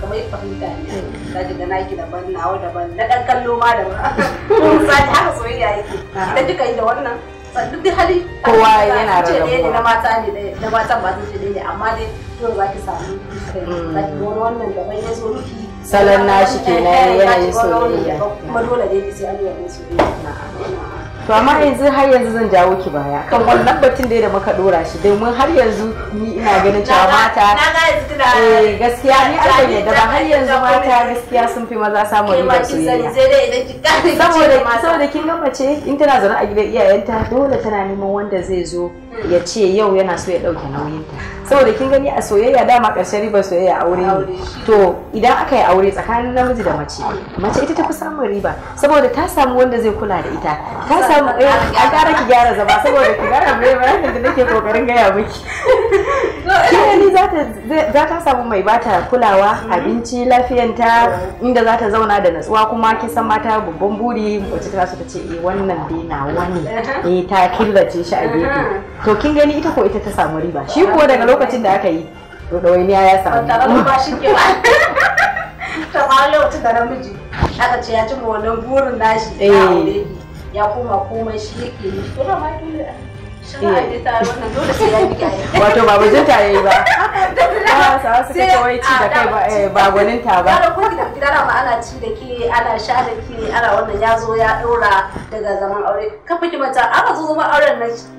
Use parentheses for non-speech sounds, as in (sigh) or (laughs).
kamar fahimta ne daban nawa na dan kallo ma daban misali soyayya yake idan kika da wannan na mata ne na mata ba su ne amma dai yau za ki samu wani wannan ya zo miki salon nashi kenan yanayin soyayya kuma dole dai sai an yi musu to amma yanzu har yanzu zan jawo ki baya kan wannan batun da da muka dora shi domin har yanzu ni ina ganin cewa mata eh gaskiya ni aka yadda ba har yanzu mata gaskiya sun fi maza samun riba soyayya saboda saboda kin ga mace in tana zaune a gidan iyayenta dole tana neman wanda zai zo hmm. ya ce yau yana so ya dauke nauyinta saboda kin gani a soyayya dama karshen riba soyayya aure ne to idan aka yi aure aure tsakanin namiji da mace mace ita ta fi samun riba saboda ta samu wanda zai kula da ita ta samu eh, a gara ki gyara zama saboda ki gara mai bayanin da nake kokarin gaya miki kina za ta samu mai bata kulawa abinci lafiyanta inda za ta zauna da natsuwa kuma kisan mata babban buri wacce ta su ta ce eh, wannan dai na wani eh ta killace shi a gefe to kin gani ita ko ita ta samu riba shi kuwa daga lokacin da aka yi to ya samu. to ma ta da namiji aka ce ya cimma wannan burin nashi ya eh. ya koma komai shi yake yi to da ma dole eh. wato ba bujin ta yi ba (laughs) ba sa wasu kake wai ci da kai ba eh, ba gwanin ta ba kada ko gidan gida ba ana ci da ke ana sha da ke ana wannan ya zo ya ɗora daga zaman aure ka fi aka zo auren